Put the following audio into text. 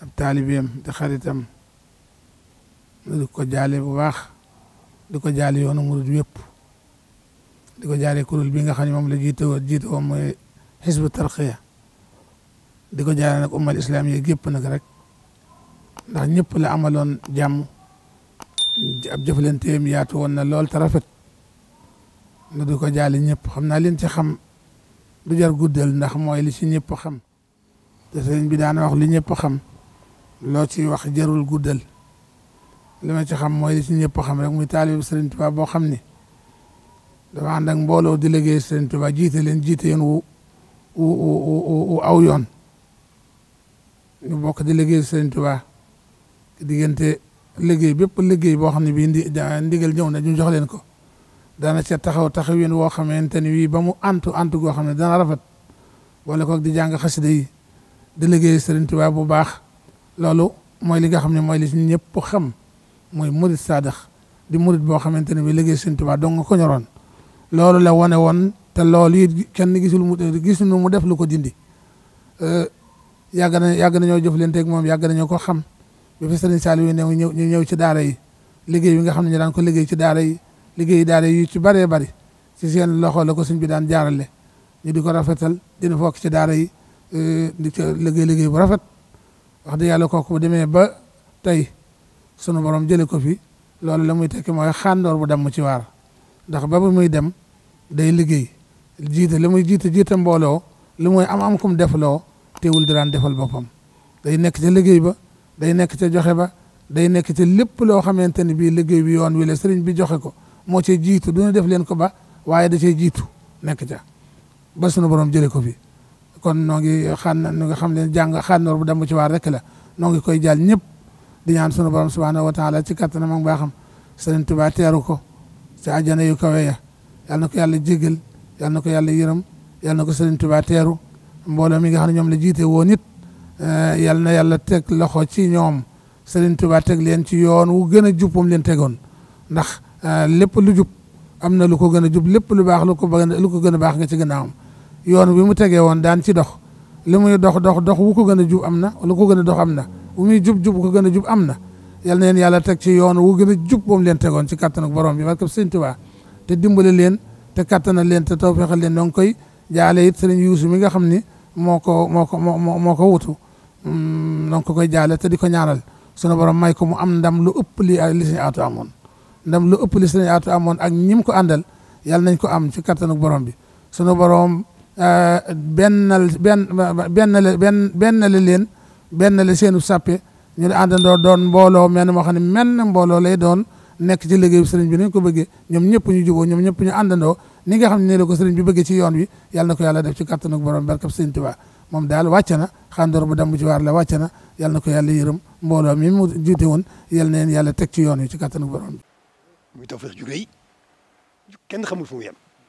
ab taalibeem di xaritam di ko jaale bu waax di ko jaale yoonu murid yëpp di ko jaale kuréel bi nga xam ne moom la jiite woon jiite woon mooy di ko jaale nag ummal islam yi nag rek ndax ñëpp la amaloon jàmm ab jëflanteem yaatu na lool te rafet nu di ko jaale ñëpp xam naa leen ci xam du jar guddal ndax mooy li si ñëpp xam te sëriñ bi daana li ñëpp xam loo ci wax jarul guddal li ma ci xam mooy li ci ñëpp xam rek muy taalibu Sëriñ Tuubaa boo xam ni dafa ànd ak mbooloo di liggéey Sëriñ Tuubaa jiite leen jiite yoon wu wu wu aw yoon ñu bokk di liggéey Sëriñ Tuubaa diggante liggéey bépp liggéey boo xam ne bii ndigal ñëw na ñu jox leen ko dana ca taxaw taxaw taxawin woo xamante ni wii ba mu antu antu goo xam ne dana rafet wala koog di jàng xasida yi di liggéey Sëriñ bu baax loolu mooy li nga xam ne mooy li ñëpp xam mooy murid saadax di murid boo xamante ne bi liggéey Sëñ Tuubaa dong ko ñoroon loolu la wane woon te loolu it kenn gisul mu gisuñu mu def lu ko dindi euh, yàgg na yàgg nañoo jëflanteeg moom yàgg nañoo ko xam bi fi Sëriñ Saliou ñëw ñëw ñu ñëw ci daara yi liggéey bi nga xam ne ñu daan ko liggéey ci daara yi liggéey daara yi ci bëree bëri ci seen loxo la ko sëñ bi daan jaarale ñu di ko rafetal dina fokk ci daara yi euh, di liggéey liggéey bu rafet wax dëgg yàlla kooku bu demee ba tey sunu borom jëlee ko fi loolu la muy tekki mooy xàndoor bu damm ci waar ndax ba bu muy dem day liggéey jiite la muy jiite jiite mbooloo li muy am am kum defloo teewul di daan defal boppam day nekk ca liggéey ba day nekk ca joxe ba day nekk ci lépp loo xamante ni bii liggéey bi yoon wi la bi joxe ko moo cee jiitu du ñu def leen ko ba waaye da cee jiitu nekk ca ba sunu borom jëlee ko fi kon noo ngi xànn nu nga xam ne jàng xànnoor bu dem ba ci waar rek la noo ngi koy jàll ñëpp di ñaan sunu borom subhaanahu wa taala ci kattanam ak mbaaxam sëriñ Tuubaa teeru ko ci ajana yu kawe ya yal na ko yàlla jégal yal na ko yàlla yërëm yal na ko sëriñ Tuubaa teeru mbooloo mi nga xam ne ñoom la jiite woo nit eh, yal na yàlla teg loxo ci ñoom sëriñ Tuubaa teg leen ci yoon wu gën a jubam leen tegoon ndax eh, lépp lu jub am na lu ko gën a jub lépp lu baax lu ko lu ko gën a baax nga ci gànnaawam yoon wi mu tegee woon daan ci dox li muy dox dox dox wu ko gën a jub am na lu ko gën a dox am na wu muy jub jub ko gën a jub am na yal na leen yàlla teg ci yoon wu gën a jub boobu leen tegoon ci kàttan ak borom bi parce que Sëñ te dimbale leen te kàttanal leen te tawfeexal leen donc koy jaale it Sëriñ Yuusu mi nga xam ni moo ko moo ko moo moo ko wutu donc mm, koy jaale te di ko ñaanal sunu borom may ko mu am ndam lu ëpp li li Sëñ Aatu amoon ndam lu ëpp li Sëñ Aatu amoon ak ñim ko àndal yàlla nañ ko am ci kàttan ak bi bennal benn bennal benn bennale leen bennale seenu sàppe ñu di àndandoo doon mbooloo menn moo xam ne menn mbooloo lay doon nekk ci liggéey bi sëriñ bi nañ ko bëggee ñoom ñëpp ñu juboo ñoom ñëpp ñu àndandoo ni nga xam ne nii la ko sëriñ bi bëggee ci yoon wi yàlla na ko yàlla def ci kàttanu borom barkab sëriñ Tuubaa moom daal wàcc na xàndoor bu damb ci waar la wàcc na yàlla na ko yàlla yërëm mbooloo mi mu jiite woon yàlla na leen yàlla teg ci yoon wi ci kàttanu borom mu muy tawfeex ju rëy kenn xamul yem